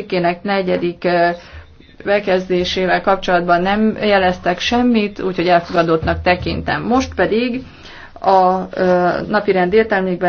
cikkének negyedik eh, bekezdésével kapcsolatban nem jeleztek semmit, úgyhogy elfogadottnak tekintem. Most pedig a eh, napirend értelmében